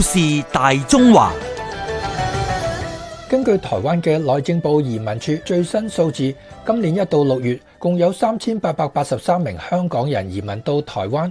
視透大中華。根據台灣嘅內政部移民處最新數字，今年一到六月，共有三千八百八十三名香港人移民到台灣。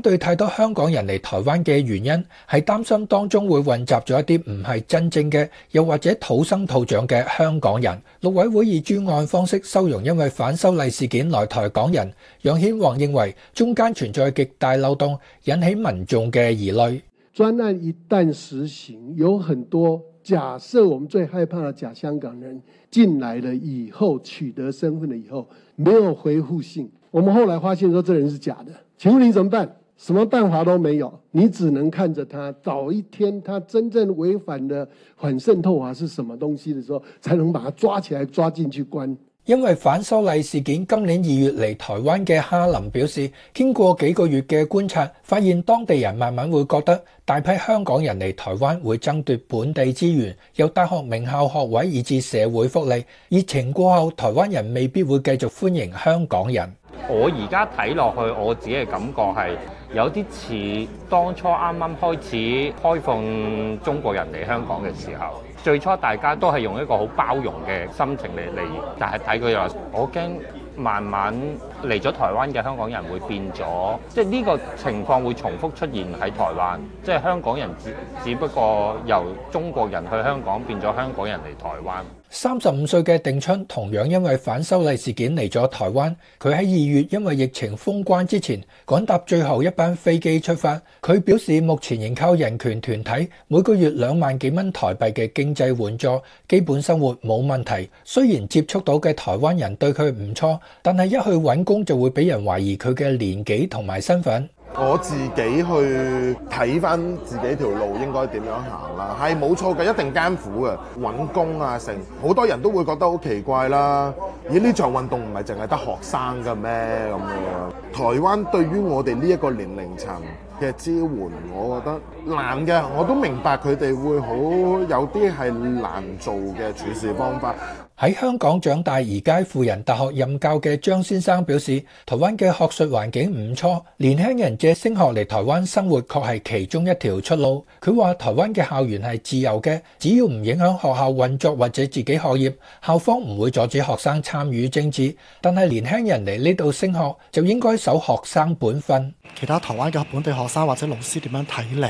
對太多香港人嚟台灣嘅原因係擔心當中會混雜咗一啲唔係真正嘅，又或者土生土長嘅香港人。陸委會以專案方式收容因為反修例事件來台港人，楊憲宏認為中間存在極大漏洞，引起民眾嘅疑慮。專案一旦實行，有很多假設，我們最害怕嘅假香港人進來了以後取得身份了以後，沒有回復性，我們後來發現說這人是假的，請問你怎麼辦？什麼辦法都沒有，你只能看着他早一天，他真正違反的反滲透啊，是什麼東西的時候，才能把他抓起來，抓進去關。因為反修例事件，今年二月嚟台灣嘅哈林表示，經過幾個月嘅觀察，發現當地人慢慢會覺得大批香港人嚟台灣會爭奪本地資源、有大學名校學位以至社會福利，疫情過後，台灣人未必會繼續歡迎香港人。我而家睇落去，我自己嘅感覺係有啲似當初啱啱開始開放中國人嚟香港嘅時候，最初大家都係用一個好包容嘅心情嚟嚟，但係睇佢又話：我驚慢慢嚟咗台灣嘅香港人會變咗，即係呢個情況會重複出現喺台灣，即係香港人只只不過由中國人去香港變咗香港人嚟台灣。三十五歲嘅定春同樣因為反修例事件嚟咗台灣，佢喺二月因為疫情封關之前趕搭最後一班飛機出發。佢表示目前仍靠人權團體每個月兩萬幾蚊台幣嘅經濟援助，基本生活冇問題。雖然接觸到嘅台灣人對佢唔錯，但係一去揾工就會俾人懷疑佢嘅年紀同埋身份。我自己去睇返自己條路應該點樣行啦，係冇錯嘅，一定艱苦嘅，搵工啊成，好多人都會覺得好奇怪啦。咦？呢場運動唔係淨係得學生㗎咩？咁樣，台灣對於我哋呢一個年齡層嘅支援，我覺得難嘅。我都明白佢哋會好有啲係難做嘅處事方法。喺香港長大而家輔仁大學任教嘅張先生表示，台灣嘅學術環境唔錯，年輕人借升學嚟台灣生活確係其中一條出路。佢話台灣嘅校園係自由嘅，只要唔影響學校運作或者自己學業，校方唔會阻止學生參與政治。但係年輕人嚟呢度升學就應該守學生本分。其他台灣嘅本地學生或者老師點樣睇你？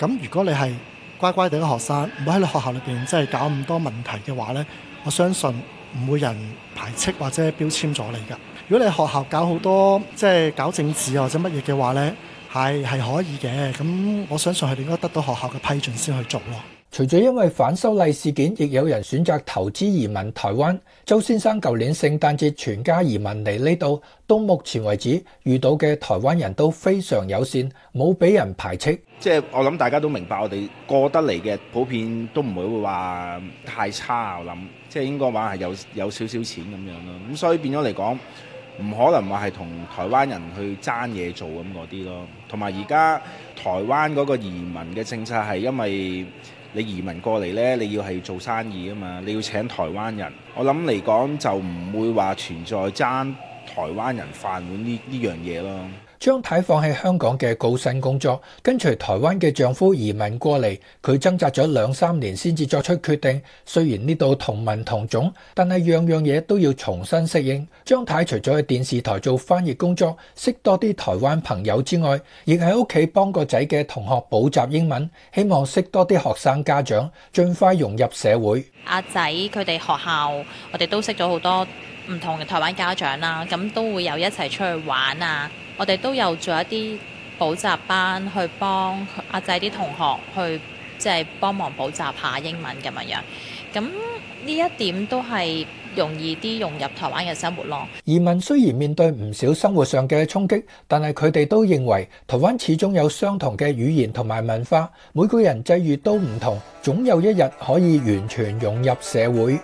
咁如果你係乖乖哋嘅學生，唔好喺學校裏邊真係搞咁多問題嘅話呢。我相信唔會有人排斥或者標籤咗你㗎。如果你學校搞好多即係搞政治或者乜嘢嘅話呢，係係可以嘅。咁我相信佢應該得到學校嘅批准先去做咯。除咗因為反修例事件，亦有人選擇投資移民台灣。周先生舊年聖誕節全家移民嚟呢度，到目前為止遇到嘅台灣人都非常友善，冇俾人排斥。即係我諗大家都明白，我哋過得嚟嘅普遍都唔會話太差。我諗即係應該話係有有少少錢咁樣咯。咁所以變咗嚟講，唔可能話係同台灣人去爭嘢做咁嗰啲咯。同埋而家台灣嗰個移民嘅政策係因為，你移民過嚟呢，你要係做生意啊嘛，你要請台灣人，我諗嚟講就唔會話存在爭台灣人飯碗呢呢樣嘢咯。張太放棄香港嘅高薪工作，跟隨台灣嘅丈夫移民過嚟。佢掙扎咗兩三年先至作出決定。雖然呢度同文同種，但係樣樣嘢都要重新適應。張太除咗喺電視台做翻譯工作，識多啲台灣朋友之外，亦喺屋企幫個仔嘅同學補習英文，希望識多啲學生家長，盡快融入社會。阿仔佢哋學校，我哋都識咗好多。唔同嘅台灣家長啦，咁都會有一齊出去玩啊！我哋都有做一啲補習班，去幫阿仔啲同學去即係幫忙補習下英文咁樣。咁呢一點都係容易啲融入台灣嘅生活咯。移民雖然面對唔少生活上嘅衝擊，但係佢哋都認為台灣始終有相同嘅語言同埋文化。每個人際遇都唔同，總有一日可以完全融入社會。